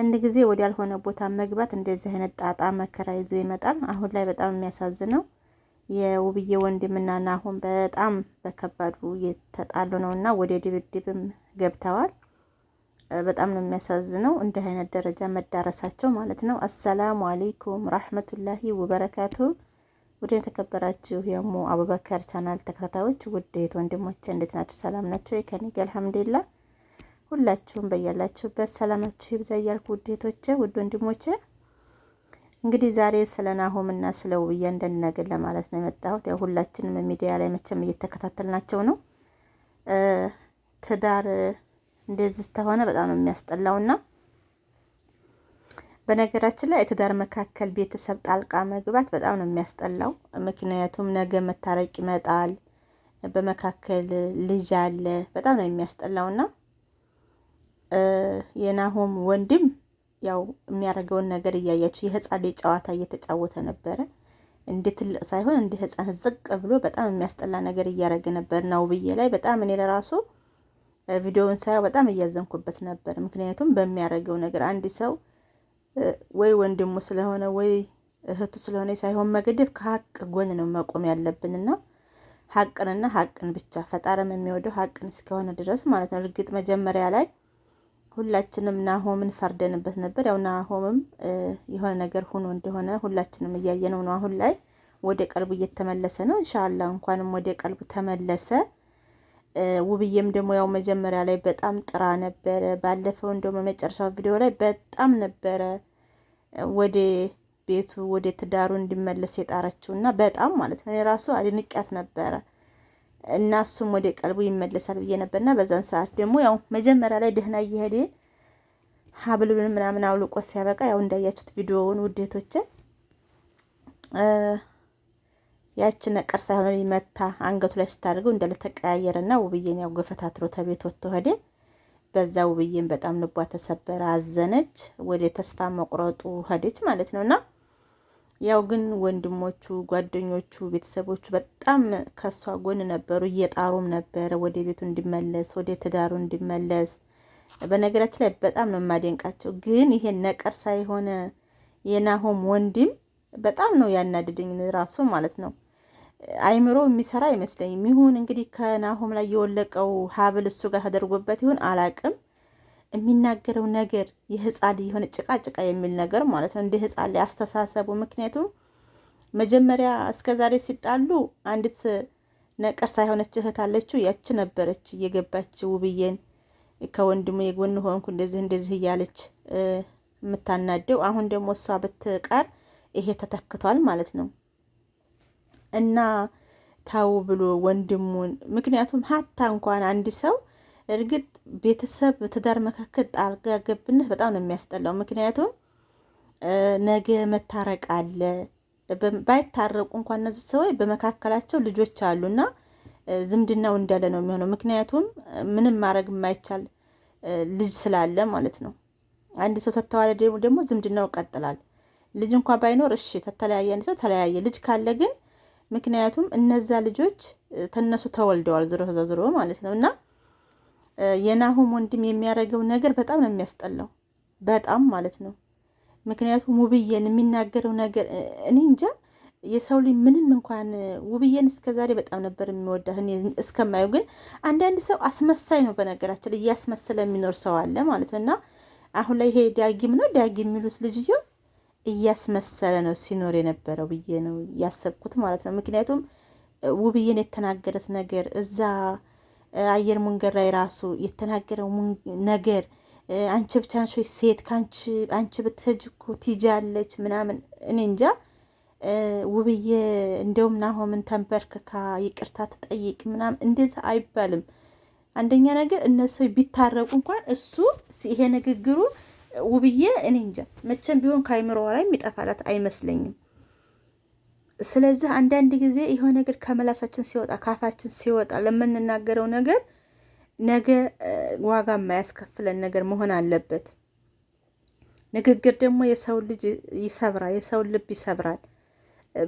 አንድ ጊዜ ያልሆነ ቦታ መግባት እንደዚህ አይነት ጣጣ መከራ ይዞ ይመጣል። አሁን ላይ በጣም የሚያሳዝነው የውብዬ ወንድምና ናሆም በጣም በከባዱ እየተጣሉ ነው እና ወደ ድብድብም ገብተዋል። በጣም ነው የሚያሳዝነው እንዲህ አይነት ደረጃ መዳረሳቸው ማለት ነው። አሰላሙ አሌይኩም ራህመቱላሂ ወበረካቱ። ወደ የተከበራችሁ የሙ አቡበከር ቻናል ተከታታዮች ውድ እህት ወንድሞቼ እንዴት ናችሁ? ሰላም ናቸው። ከኔ ጋር አልሐምዱሊላህ ሁላችሁም በያላችሁበት ሰላማችሁ ይብዛ እያልኩ ውድ እህቶቼ፣ ውድ ወንድሞቼ እንግዲህ ዛሬ ስለ ናሆም እና ስለ ውብዬ እንደነገር ለማለት ነው የመጣሁት። ያው ሁላችንም ሚዲያ ላይ መቼም እየተከታተልናቸው ነው። ትዳር እንደዚህ ተሆነ በጣም ነው የሚያስጠላውና በነገራችን ላይ የትዳር መካከል ቤተሰብ ጣልቃ መግባት በጣም ነው የሚያስጠላው። ምክንያቱም ነገ መታረቅ ይመጣል፣ በመካከል ልጅ አለ። በጣም ነው የሚያስጠላውና የናሆም ወንድም ያው የሚያደርገውን ነገር እያያችሁ የህፃን ልጅ ጨዋታ እየተጫወተ ነበረ። እንደ ትልቅ ሳይሆን እንደ ህፃን ዝቅ ብሎ በጣም የሚያስጠላ ነገር እያደረገ ነበር። ነው ብዬ ላይ በጣም እኔ ለራሱ ቪዲዮውን ሳየው በጣም እያዘንኩበት ነበር። ምክንያቱም በሚያደርገው ነገር አንድ ሰው ወይ ወንድሙ ስለሆነ ወይ እህቱ ስለሆነ ሳይሆን መግደፍ ከሀቅ ጎን ነው መቆም ያለብንና ሀቅንና ሀቅን ብቻ ፈጣረም የሚወደው ሀቅን እስከሆነ ድረስ ማለት ነው። እርግጥ መጀመሪያ ላይ ሁላችንም ናሆምን ፈርደንበት ነበር። ያው ናሆምም የሆነ ነገር ሆኖ እንደሆነ ሁላችንም እያየነው ነው። አሁን ላይ ወደ ቀልቡ እየተመለሰ ነው። እንሻላ እንኳንም ወደ ቀልቡ ተመለሰ። ውብዬም ደግሞ ያው መጀመሪያ ላይ በጣም ጥራ ነበረ። ባለፈው እንደውም መጨረሻው ቪዲዮ ላይ በጣም ነበረ ወደ ቤቱ ወደ ትዳሩ እንዲመለስ የጣረችው እና በጣም ማለት ነው የራሱ አድንቂያት ነበረ። እና እሱም ወደ ቀልቡ ይመለሳል ብዬ ነበርና በዛን ሰዓት ደግሞ ያው መጀመሪያ ላይ ደህና እየሄደ ሀብሉን ምናምን አውልቆ ሲያበቃ ያው እንዳያችሁት ቪዲዮውን ውዴቶቼ ያቺ ነቀር ሳይሆን ይመታ አንገቱ ላይ ስታደርገው እንዳልተቀያየረና ውብዬን ያው ገፈታትሮ ተቤት ወጥቶ ሄደ። በዛ ውብዬን በጣም ልቧ ተሰበረ፣ አዘነች። ወደ ተስፋ መቁረጡ ሄደች ማለት ነውና ያው ግን ወንድሞቹ፣ ጓደኞቹ፣ ቤተሰቦቹ በጣም ከሷ ጎን ነበሩ። እየጣሩም ነበረ ወደ ቤቱ እንዲመለስ፣ ወደ ትዳሩ እንዲመለስ። በነገራችን ላይ በጣም ነው የማደንቃቸው። ግን ይሄ ነቀር ሳይሆነ የናሆም ወንድም በጣም ነው ያናድደኝ ራሱ ማለት ነው። አይምሮ የሚሰራ አይመስለኝም። ይሁን እንግዲህ ከናሆም ላይ የወለቀው ሀብል እሱ ጋር ተደርጎበት ይሁን አላቅም የሚናገረው ነገር የህፃን የሆነ ጭቃጭቃ የሚል ነገር ማለት ነው። እንደ ህፃን ላይ አስተሳሰቡ። ምክንያቱም መጀመሪያ እስከ ዛሬ ሲጣሉ አንዲት ነቀርሳ የሆነች እህት አለችው። ያች ነበረች እየገባች ውብዬን ከወንድሙ የጎን ሆንኩ እንደዚህ እንደዚህ እያለች የምታናደው። አሁን ደግሞ እሷ ብትቀር ይሄ ተተክቷል ማለት ነው እና ታው ብሎ ወንድሙን ምክንያቱም ሀታ እንኳን አንድ ሰው እርግጥ ቤተሰብ በትዳር መካከል ጣልቃ ገብነት በጣም ነው የሚያስጠላው። ምክንያቱም ነገ መታረቅ አለ። ባይታረቁ እንኳን እነዚህ ሰዎች በመካከላቸው ልጆች አሉና ዝምድናው እንዳለ ነው የሚሆነው። ምክንያቱም ምንም ማድረግ የማይቻል ልጅ ስላለ ማለት ነው። አንድ ሰው ተተዋለ ደግሞ ዝምድናው ቀጥላል። ልጅ እንኳ ባይኖር እሺ፣ ተተለያየ አንድ ሰው ተለያየ። ልጅ ካለ ግን ምክንያቱም እነዛ ልጆች ተነሱ ተወልደዋል፣ ዝሮ ዝሮ ማለት ነው እና የናሁም ወንድም የሚያደርገው ነገር በጣም ነው የሚያስጠላው፣ በጣም ማለት ነው። ምክንያቱም ውብዬን የሚናገረው ነገር እኔ እንጃ። የሰው ልጅ ምንም እንኳን ውብዬን እስከዛሬ በጣም ነበር የሚወዳት እስከማየው፣ ግን አንዳንድ ሰው አስመሳይ ነው። በነገራችን ላይ እያስመሰለ የሚኖር ሰው አለ ማለት ነው። እና አሁን ላይ ይሄ ዳጊም ነው ዳጊ የሚሉት ልጅዮ እያስመሰለ ነው ሲኖር የነበረው ብዬ ነው ያሰብኩት ማለት ነው። ምክንያቱም ውብዬን የተናገረት ነገር እዛ አየር መንገድ ላይ ራሱ የተናገረው ነገር አንቺ ብቻ ነሽ ወይ ሴት አንቺ ብትሄጂ እኮ ትይጃለች ምናምን። እኔ እንጃ ውብዬ፣ እንደውም ናሆምን ተንበርክካ ይቅርታ ትጠይቅ ምናምን እንደዛ አይባልም። አንደኛ ነገር እነሱ ቢታረቁ እንኳን እሱ ይሄ ንግግሩ ውብዬ፣ እኔ እንጃ መቼም ቢሆን ከአይምሮ ላይ የሚጠፋላት አይመስለኝም። ስለዚህ አንዳንድ ጊዜ የሆነ ነገር ከመላሳችን ሲወጣ ካፋችን ሲወጣ ለምንናገረው ነገር ነገ ዋጋ የማያስከፍለን ነገር መሆን አለበት። ንግግር ደግሞ የሰው ልጅ ይሰብራል፣ የሰውን ልብ ይሰብራል።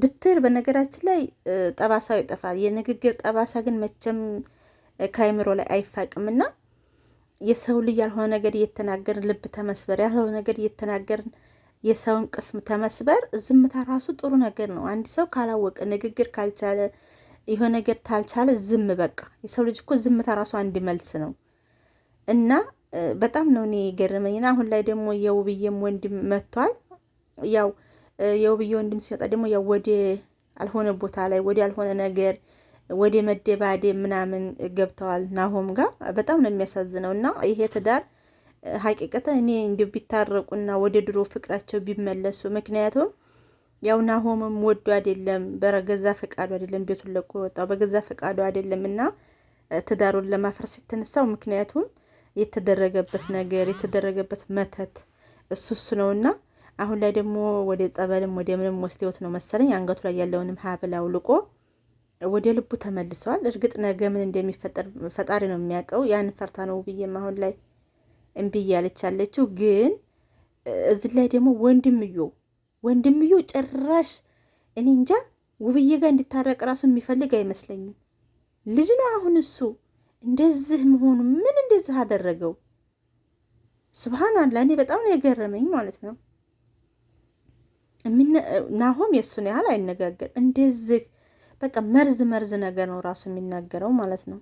ብትር በነገራችን ላይ ጠባሳው ይጠፋል። የንግግር ጠባሳ ግን መቼም ከአይምሮ ላይ አይፋቅምና የሰው ልጅ ያልሆነ ነገር እየተናገርን ልብ ተመስበር ያልሆነ ነገር እየተናገርን የሰውን ቅስም ተመስበር ዝምታ ራሱ ጥሩ ነገር ነው። አንድ ሰው ካላወቀ ንግግር ካልቻለ የሆነ ነገር ታልቻለ ዝም በቃ የሰው ልጅ እኮ ዝምታ ራሱ አንድ መልስ ነው እና በጣም ነው እኔ ገረመኝና አሁን ላይ ደግሞ የውብዬም ወንድም መጥቷል። ያው የውብዬ ወንድም ሲመጣ ደግሞ ያው ወደ አልሆነ ቦታ ላይ ወደ አልሆነ ነገር ወደ መደባደብ ምናምን ገብተዋል ናሆም ጋር በጣም ነው የሚያሳዝነው እና ይሄ ትዳር ሀቂቀተ እኔ እንዲ ቢታረቁና ወደ ድሮ ፍቅራቸው ቢመለሱ። ምክንያቱም ያው ናሆምም ወዶ አይደለም በገዛ ፈቃዱ አይደለም ቤቱን ለቆ ወጣው በገዛ ፈቃዱ አይደለም እና ትዳሩን ለማፍረስ የተነሳው ምክንያቱም የተደረገበት ነገር የተደረገበት መተት እሱ እሱ ነውና አሁን ላይ ደግሞ ወደ ጠበልም ወደ ምንም ወስደውት ነው መሰለኝ አንገቱ ላይ ያለውንም ሀብል አውልቆ ወደ ልቡ ተመልሰዋል እርግጥ ነገ ምን እንደሚፈጠር ፈጣሪ ነው የሚያውቀው። ያን ፈርታ ነው ብዬም አሁን ላይ እምቢ እያለች ያለችው ግን እዚህ ላይ ደግሞ ወንድምዮ ወንድምዮ ጭራሽ እኔ እንጃ ውብዬ ጋር እንድታረቅ ራሱ የሚፈልግ አይመስለኝም። ልጅ ነው አሁን እሱ እንደዚህ መሆኑ ምን እንደዚህ አደረገው? ሱብሃናላ እኔ በጣም ነው የገረመኝ ማለት ነው። ናሆም የእሱን ያህል አይነጋገር እንደዚህ በቃ መርዝ መርዝ ነገር ነው ራሱ የሚናገረው ማለት ነው።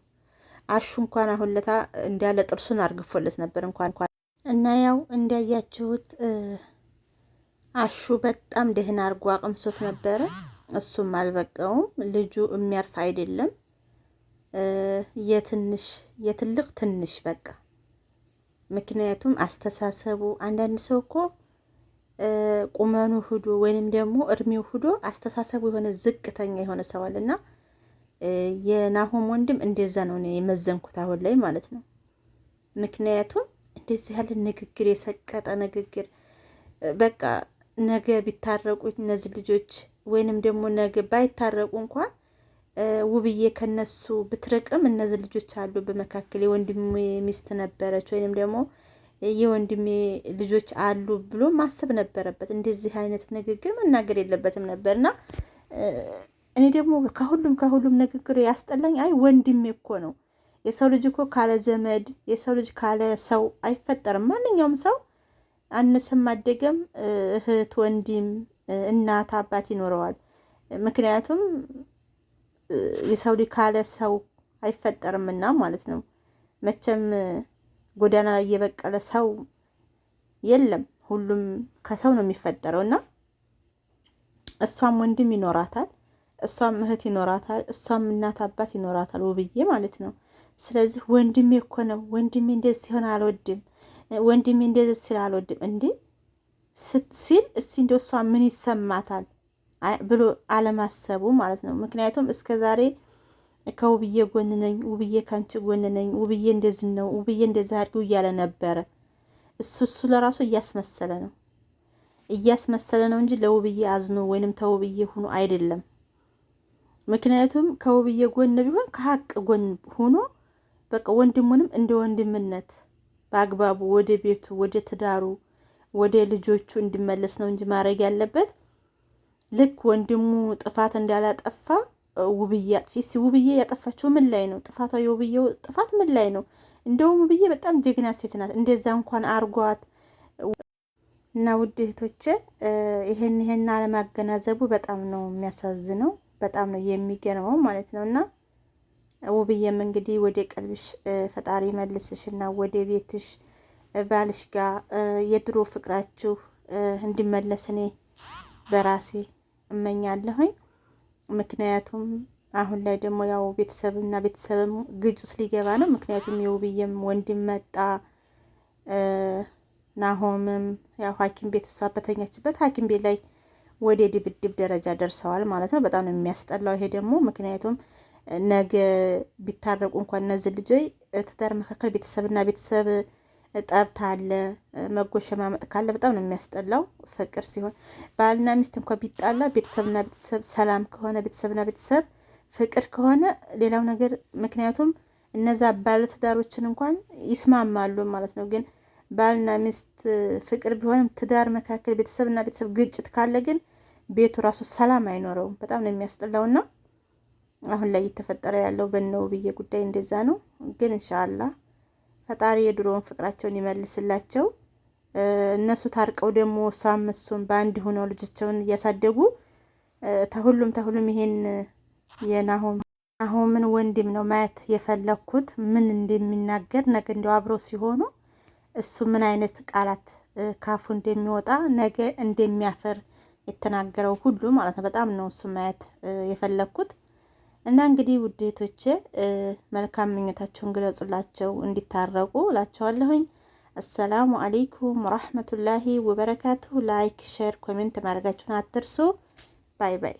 አሹ እንኳን አሁን ለታ እንዳለ ጥርሱን አርግፎለት ነበር እንኳን እንኳን እና ያው እንዳያችሁት አሹ በጣም ደህና አርጎ አቅምሶት ነበረ። እሱም አልበቃውም። ልጁ የሚያርፍ አይደለም። የትንሽ የትልቅ ትንሽ በቃ ምክንያቱም አስተሳሰቡ አንዳንድ ሰው እኮ ቁመኑ ሁዶ ወይንም ደግሞ እድሜው ሁዶ አስተሳሰቡ የሆነ ዝቅተኛ የሆነ ሰዋል እና የናሆም ወንድም እንደዛ ነው እኔ የመዘንኩት አሁን ላይ ማለት ነው። ምክንያቱም እንደዚህ ያለ ንግግር፣ የሰቀጠ ንግግር በቃ ነገ ቢታረቁ እነዚህ ልጆች ወይንም ደግሞ ነገ ባይታረቁ እንኳን ውብዬ ከነሱ ብትርቅም እነዚህ ልጆች አሉ በመካከል የወንድሜ ሚስት ነበረች ወይንም ደግሞ የወንድሜ ልጆች አሉ ብሎ ማሰብ ነበረበት። እንደዚህ አይነት ንግግር መናገር የለበትም ነበርና እኔ ደግሞ ከሁሉም ከሁሉም ንግግሩ ያስጠላኝ አይ ወንድሜ እኮ ነው። የሰው ልጅ እኮ ካለ ዘመድ የሰው ልጅ ካለ ሰው አይፈጠርም። ማንኛውም ሰው አነሰም አደገም እህት፣ ወንድም፣ እናት፣ አባት ይኖረዋል። ምክንያቱም የሰው ልጅ ካለ ሰው አይፈጠርምና ማለት ነው። መቼም ጎዳና ላይ የበቀለ ሰው የለም። ሁሉም ከሰው ነው የሚፈጠረው እና እሷም ወንድም ይኖራታል እሷም እህት ይኖራታል፣ እሷም እናት አባት ይኖራታል፣ ውብዬ ማለት ነው። ስለዚህ ወንድሜ እኮ ነው ወንድሜ እንደዚህ ሲሆን አልወድም፣ ወንድሜ እንደዚህ ሲል አልወድም እንዴ ስትሲል እስቲ እንደ እሷ ምን ይሰማታል ብሎ አለማሰቡ ማለት ነው። ምክንያቱም እስከ ዛሬ ከውብዬ ጎን ነኝ፣ ውብዬ ከአንቺ ጎን ነኝ፣ ውብዬ እንደዚህ ነው፣ ውብዬ እንደዚህ አድርጊው እያለ ነበረ። እሱ እሱ ለራሱ እያስመሰለ ነው እያስመሰለ ነው እንጂ ለውብዬ አዝኖ ወይንም ተውብዬ ሆኖ አይደለም። ምክንያቱም ከውብዬ ጎን ቢሆን ከሀቅ ጎን ሆኖ በቃ ወንድሙንም እንደ ወንድምነት በአግባቡ ወደ ቤቱ ወደ ትዳሩ ወደ ልጆቹ እንዲመለስ ነው እንጂ ማድረግ ያለበት ልክ ወንድሙ ጥፋት እንዳላጠፋ ውብዬ አጥፊ ውብዬ ያጠፋቸው ምን ላይ ነው ጥፋቷ? የውብዬው ጥፋት ምን ላይ ነው? እንደውም ውብዬ በጣም ጀግና ሴት ናት። እንደዛ እንኳን አርጓት እና ውድ እህቶቼ ይህን አለማገናዘቡ በጣም ነው የሚያሳዝነው። በጣም ነው የሚገርመው ማለት ነው። እና ውብዬም እንግዲህ ወደ ቀልብሽ ፈጣሪ መልስሽ እና ወደ ቤትሽ ባልሽ ጋር የድሮ ፍቅራችሁ እንዲመለስ እኔ በራሴ እመኛለሁኝ። ምክንያቱም አሁን ላይ ደግሞ ያው ቤተሰብና ቤተሰብም ግጭት ሊገባ ነው። ምክንያቱም የውብዬም ወንድም መጣ። ናሆምም ያው ሐኪም ቤት እሷ በተኛችበት ሐኪም ቤት ላይ ወደ ድብድብ ደረጃ ደርሰዋል ማለት ነው። በጣም ነው የሚያስጠላው ይሄ ደግሞ ምክንያቱም ነገ ቢታረቁ እንኳን እነዚህ ልጆች ትዳር መካከል ቤተሰብና ቤተሰብ ጠብታ አለ መጎሸማመጥ ካለ በጣም ነው የሚያስጠላው። ፍቅር ሲሆን ባልና ሚስት እንኳ ቢጣላ ቤተሰብና ቤተሰብ ሰላም ከሆነ ቤተሰብና ቤተሰብ ፍቅር ከሆነ ሌላው ነገር ምክንያቱም እነዛ ባለትዳሮችን እንኳን ይስማማሉ ማለት ነው ግን ባልና ሚስት ፍቅር ቢሆንም ትዳር መካከል ቤተሰብና ቤተሰብ ግጭት ካለ ግን ቤቱ ራሱ ሰላም አይኖረውም። በጣም ነው የሚያስጠላውና አሁን ላይ እየተፈጠረ ያለው ብዬ ጉዳይ እንደዛ ነው። ግን እንሻላ ፈጣሪ የድሮውን ፍቅራቸውን ይመልስላቸው። እነሱ ታርቀው ደግሞ እሷም እሱም በአንድ ሆነው ልጆቻቸውን እያሳደጉ ተሁሉም ተሁሉም ይሄን የናሆምን ወንድም ነው ማየት የፈለግኩት ምን እንደሚናገር ነገ እንዲያው አብረው ሲሆኑ እሱ ምን አይነት ቃላት ካፉ እንደሚወጣ ነገ እንደሚያፈር የተናገረው ሁሉ ማለት ነው። በጣም ነው እሱ ማየት የፈለግኩት እና እንግዲህ ውዴቶቼ መልካም ምኞታቸውን ግለጹላቸው እንዲታረቁ እላቸዋለሁኝ። አሰላሙ አሌይኩም ወራህመቱላሂ ወበረካቱሁ። ላይክ፣ ሼር፣ ኮሜንት ማድረጋችሁን አትርሱ። ባይ ባይ።